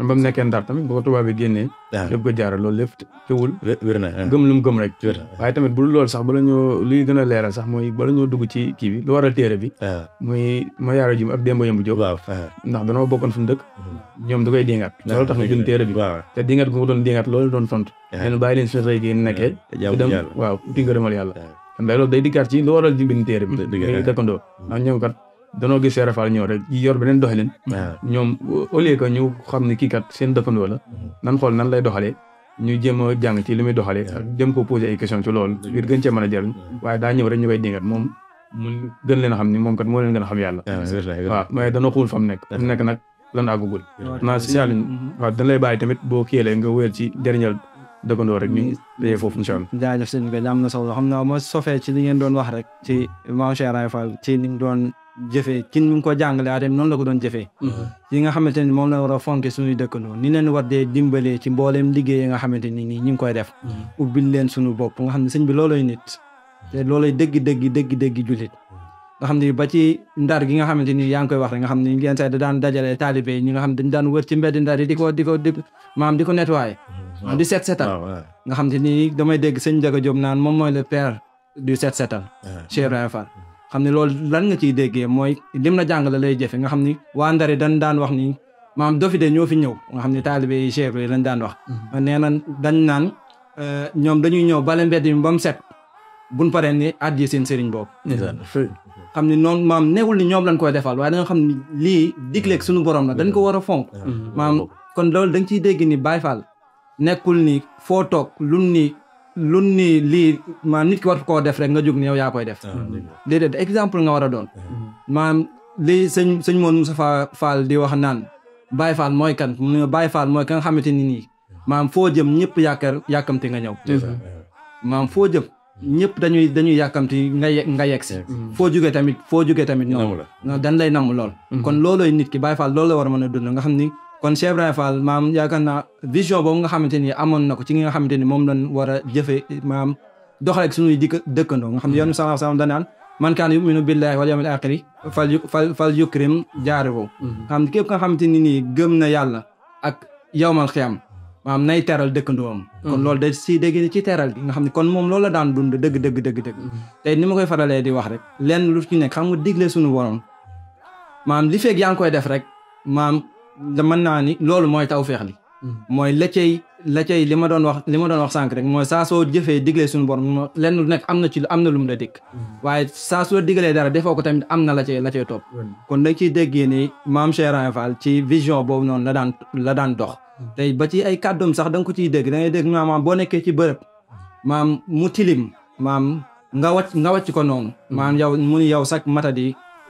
ba mu nekkee ndar tamit bu ko tubaab bi génnee. waaw ah. lépp ko jaaral loolu lépp teewul. wér na ah. gëm lu mu gëm rek. waaye tamit bu loolu sax bala ñoo luy gën a leeral sax mooy bala ñoo dugg ci kii bi lu waral téere bi. Ah. waaw muy ma yaaro jim ak démb yëmbu jóg. waaw ndax danoo bokkoon fu mu dëkk. Hmm. ñoom da koy diingaat. loolu tax na jëm téere bi. waaw te diingaat gu mu doon diingaat loolu doon tontu. waaw bàyyi leen suñu rëy gi nekkee. waaw di dem waaw di ngërëmal yàlla mais loolu day dikkaat ci lu waral ji bind téere bi mm-hmm. dëkkandoo ndax ñoom kat danoo gis Serap Fall ñëw rek yor beneen doxalin ñoom au ñu xam ne kii seen dëkkandoo la mm-hmm. nan xool nan lay doxalee ñu jéem a jàng ci li muy doxalee jëm ko poser ay a mm-hmm. rek ñu koy dingat moom gën leen a xam ni moom kat moo leen gën a xam yàlla waaw mais dana xuul fa nekk mu nekk nag lan àggugul naa si Aliou waaw dañ lay bàyyi tamit boo kiilee nga wéyal ci dernier dëggandoo rek ñu mm. téye foofu incha allah. jaajëf sëñ bi am xam naa ma sofee ci li ngeen doon wax rek ci Maam Cheikh Ibra Fall ci ni doon jëfee ci ni ko jàngalee atam noonu la ko doon jëfee. Mm-hmm. yi nga xamante ni moom la war a fonke suñuy dëkkandoo ni leen war dee dimbalee ci mbooleem liggéey yi nga xamante ni nii ñu ngi koy def. Mm-hmm. ubbil leen suñu bopp nga xam ne sëñ bi looloy nit. te looloy dëgg dëgg dëgg dëgg nga xam ni ci ndar gi nga xamante ni yaa ngi koy wax rek xam ni yenn saa daan dajale taalibe ñi nga xam dañ daan wër ci mbedd ndar di ko di ko maam di ko du set setal nga xam ni damay dégg sëñ Ndiaga Diop naan moom mooy le set setal ah. Cheikh Ibrahima Fall xam ne loolu lan nga ciy déggee mooy lim la jàngale lay jëfe nga xam ni waa Ndar dañ daan wax ni maam dofi dee ñoo fi ñëw nga xam ne taal yi Cheikh yi daan wax mm-hmm. nee na dañ naan euh, ñoom dañuy ñëw bale mbedd mi ba set buñ paree ni àddi seen sëriñ boobu xam ne noonu maam neewul ni ñoom lañ koo defal waaye danga xam ne lii digleeg mm-hmm. sunu borom na dañ ko war a fonk mm-hmm. maam kon loolu da nga ciy ni Baye Fall nekkul ni foo toog lun ni lun ni lii maanaam nit ki war koo def rek nga jug ni yaa koy def ah, déedéet exemple nga war a doon ah. maanaam lii sëñ sëñ moon Moustapha Fall di wax naan Baye Fall mooy kan mu ne Baye Fall mooy ka nga xamante ni nii maanaam foo jëm ñëpp yaakaar yàkkamti nga ñëw maanaam foo jëm ñëpp dañuy dañuy yàkkamti nga ye nga yegg si foo jugee tamit foo jugee tamit noonu dañ lay namm lool mm-hmm. kon loolooy nit ki Baye Fall lool la war a mën a dund nga xam ni kon Cheikh Ibrahima Fall maam yaakaar naa vision boobu nga xamante ni amoon na ko ci nga xamante ni moom lañ war a jëfe maam dox ak suñuy dikk dëkkandoo nga xam ne yoonu sallallahu alayhi wa sallam danaan man kaan yuminu billahi wal yawmil axiri mhm. nga xamante ni nii gëm na yàlla ak yawmal am maam nay teral dëkkandoom mhm. kon loolu da si dégg ci teral gi nga xam ne kon moom loolu la daan dund dëgg dëgg dëgg dëgg mhm. ni ma koy faralee di wax rek lenn lu ci nekk xam nga digle suñu borom maam li feeg koy def rek da mën naa ni loolu mooy tawféex li hmm. mooy la cay la li ma doon wax li ma doon wax sànq rek mooy saa soo jëfee digle suñu borom lenn nekk am na ci am na lu mu la dikk hmm. waaye saa soo digalee dara defoo ko tamit am na la cay la cay topp hmm. kon dañ ciy déggee ni maam Cheikh Fall ci vision boobu noonu la daan la daan dox tey ba ci ay kàddoom sax da ko ci dégg da ngay dégg maam boo nekkee ci bërëb maam mu tilim maam nga wàcc nga wàcc ko noonu maam yow mu ni yow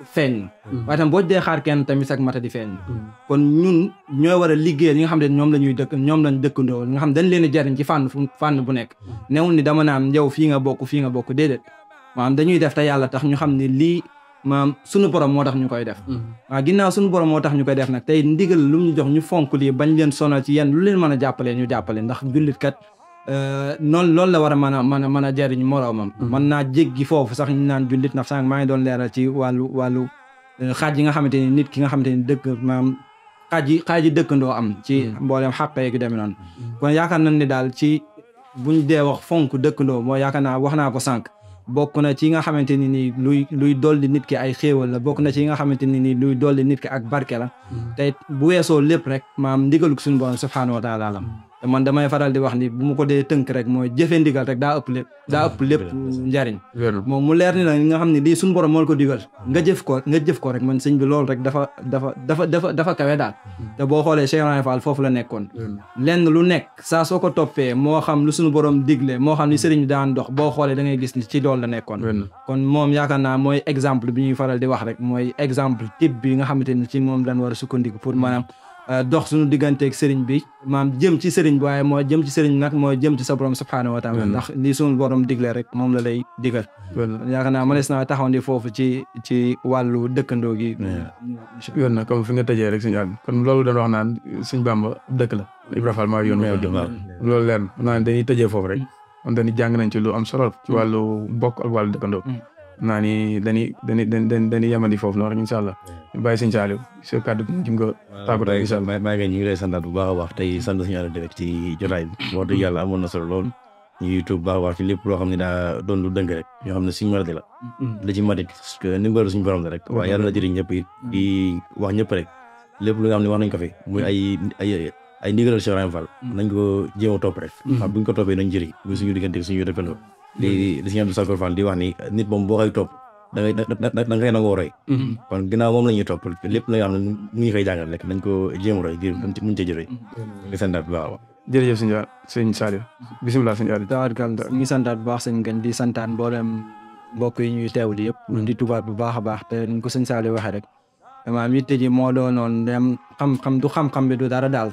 feeñ na mm. waaye tam boo dee xaar kenn tamit sag mata di feeñ mm. kon ñun ñooy war a liggéey li nga xam ne ñoom la ñuy dëkk ñoom lañ dëkkandoo li nga xam dañ leen bu nekk mm. newul ni dama naan yow fii bokk fii nga bokk déedéet maanaam dañuy def te yàlla tax ñu xam ne lii maanaam borom moo tax ñu koy def waaw ginnaaw suñu borom moo tax ñu koy def nag tey ndigal lu ñu jox ñu fonk lii bañ leen sonal ci yenn lu leen mën a jàppale ñu jàppale ndax jullit kat Euh, noonu loolu la war a mën a mën a mën a jëriñ moroomam mm-hmm. mën naa jéggi foofu sax ñu naan jullit ndax sang maa ngi doon leeral ci wàllu wàllu euh, xaaj yi nga xamante ni nit ki nga xamante ni dëkk maam kaji yi xaaj dëkkandoo am ci mm-hmm. mboolem xàq yeeg demee noonu mm-hmm. kon yaakaar nañ ne daal ci buñ dee wax fonk dëkkandoo mooy yaakaar naa wax naa ko sànq bokk na ci nga xamante ni nii luy luy dolli nit ki ay xéewal la bokk na ci nga xamante ni nii luy dolli nit ki ak barke la te bu weesoo lépp rek maam ndigaluk suñu borom subhaanahu wa taala la man damay faral di wax ni bu ma ko dee tënk rek mooy jëfe ndigal rek daa ëpp lépp daa ëpp lépp njariñ moom mu leer ni la nga xam ne lii suñu borom moo ko digal nga jëf ko nga jëf ko rek man sëñ bi loolu rek dafa dafa dafa dafa dafa kawe daal mm-hmm. te boo xoolee Cheikh Ibrahima Fall foofu la nekkoon lenn lu nekk saa soo ko toppee moo xam lu suñu borom digle moo xam ni sëriñ bi daan dox boo xoolee da ngay gis ni ci loolu la nekkoon kon moom yaakaar naa mooy exemple bi ñuy faral di wax rek mooy exemple type bi nga xamante ni ci moom lañ war a sukkandiku pour maanaam Euh, dox suñu digganteeg sëriñ bi maam jëm ci sëriñ bi waaye moo jëm ci sëriñ bi nag moo jëm ci sa borom subhaanahu wa taala ndax li suñu borom digle rek moom la lay digal yaakaar naa mënees naa taxawandi foofu ci ci wàllu dëkkandoo gi yoon na comme fi nga tëjee rek suñu àll kon loolu dañ wax naan suñ bàmba dëkk la Ibra Fall maa yoon loolu leer naan dañuy tëjee foofu rek mm. on dañuy jàng nañ ci lu am solo ci wàllu mbokk ak wàllu dëkkandoo mm. naa ni dañuy dañuy dañuy dañuy yemandi foofu noonu rek incha allah baay eh. bàyyi sëñ Saliou sa kàddu gi nga tàggatoo incha allah maa ngi ñu ngi lay santaat bu baax a baax tey sant suñu àlla direct ci amoon na solo lool ñu tuub baax a baax ci lépp loo xam ne daa doon lu dëng rek ñoo xam ne suñu maradi la mm-hmm. la ci marit parce que ndimbalu rek waaw yàlla na jëriñ ñëpp it mm-hmm. wax ñëpp rek lépp lu nga xam ne wax nañ ko fi muy ay ay ay ndigalal Cheikh Ibrahima Fall mm-hmm. nañ ko jéem a topp rek xam buñ ko toppee nañ jëriñ muy suñu diggante suñu li li si ñebe Sakor di wax ni nit moom boo koy topp da ngay da da ngay nangoo roy. Mm-hmm. kon ginnaaw a la ñuy topp lépp la nga xam ne mu ngi koy jàngal rek dañ ko jéem a mm-hmm. santaat bu baax a baax. jërëjëf santaat bu baax sëñ Gane di santaat mboolem mbokk yi ñuy teewlu yëpp. di tubaab bu baax a baax te ni ko sëñ Saliou waxee rek. maam yitte ji moo doonoon dem xam-xam du xam-xam bi du dara daal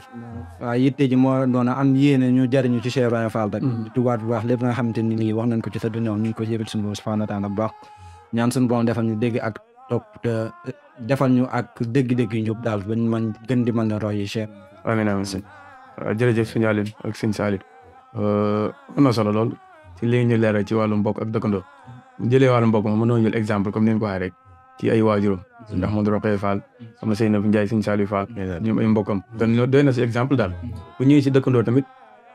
waaw yitte ji moo doon am yéene ñu jariñu ci Cheikh Ibrahima Fall rek mm-hmm. tubaab bu baax lépp nga xamante ni lii wax nañ ko ci sa duniya ñu ngi ko yëbal suñu borom subhanahu wa taala bu baax defal ñu dégg ak topp eh, defal ñu ak dégg-dégg daal bañ man gën di mën a roy yi Cheikh amiin amiin sëñ jërëjëf sëñ ak sëñ Salim am na solo lool ci li ñu leeral ci wàllu mbokk ak dëkkandoo jëlee wàllu mbokk moom mënoo jël exemple comme ni ñu ko rek ci ay waajuram suñu Ahmadou Roqee Fall am na Seynab Ndiaye suñu Saliou Fall ñoom ay mbokkam kon loolu doy na si exemple daal bu ñëwee si dëkkandoo tamit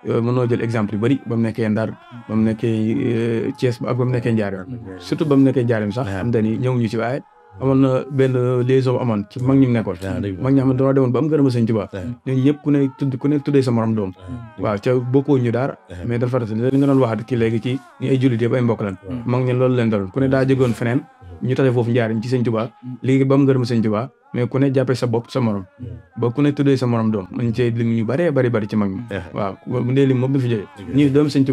mënoo jël exemple yu bëri ba mu nekkee Ndar ba euh, ak ba nekkee Njaareem surtout ba nekkee Njaareem sax am dani ñëwuñu si waaye amoon na benn liaison amoon ci mag ñu nekkoon mag ñi xam ne dañoo demoon ba am gërëma sëñ Tuubaa ñooñu ñëpp ku sa morom doom waaw ca bokkoo ñu daara mais dafa rafet li nga doon ñu taxe foofu njaariñ ci sëñ Tuubaa léegi ba mu ngërëm sëñ Tuubaa mais ku ne jàppee sa bopp sa morom ba ku ne tuddee sa morom doom man ci ñu bëree bëri bëri ci mag ñi eh. waaw bu dee lim moom du fi jógee ñii doom sëñ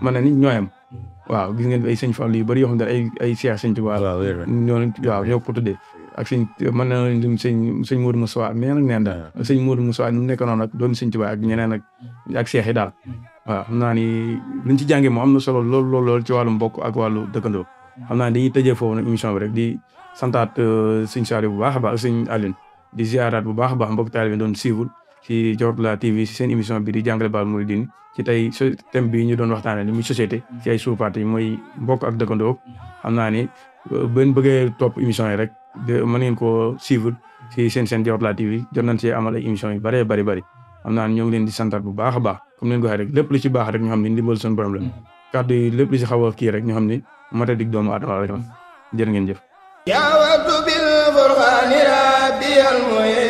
na ni ñooyam hmm. waaw gis ngeen ay sëñ Fall yu bëri yoo xam ne ay ay seex sëñ Tuubaa ñoo waaw ñoo ko tuddee ak sëñ mën na mais nag neen daal eh. sëñ Mourou Moussa ñu nekk noonu ak doomi sëñ Tuubaa ak ñeneen ak ak seex yi daal hmm. waaw xam naa ni luñ ci jànge moo am na solo lool lool lool ci wàllum mbokk ak wàllu dëkkandoo xam naa dañuy tëjee foofu na émission bi rek di santaat euh, sëñ Saliou bu baax a baax ak sëñ Alioune di ziaraat bu baax a baax mbokk taalibe doon suivre ci Diawartoulah TV si seen émission bi di jàngale Baal Mouridine ci tey thème bii ñu doon waxtaanee li muy société ci ay suupaate yi mooy mbokk ak dëkkandoo xam naa ni euh, ben bëggee topp émission yi rek mën ngeen koo suivre si seen seen Diawartoulah TV jot nañ ci amal ay émission yu bëree bëri xam naa ñoo ngi leen di santaat bu baax a baax comme rek lépp lu ci baax rek ñu xam ne ndimbal suñu borom la mm-hmm. kàddu yi lépp lu ci xaw kii rek ñoo xam ni mata dig doomu aadama rek jër ngeen jëf ya wabdu bil furqani rabbi al mu'in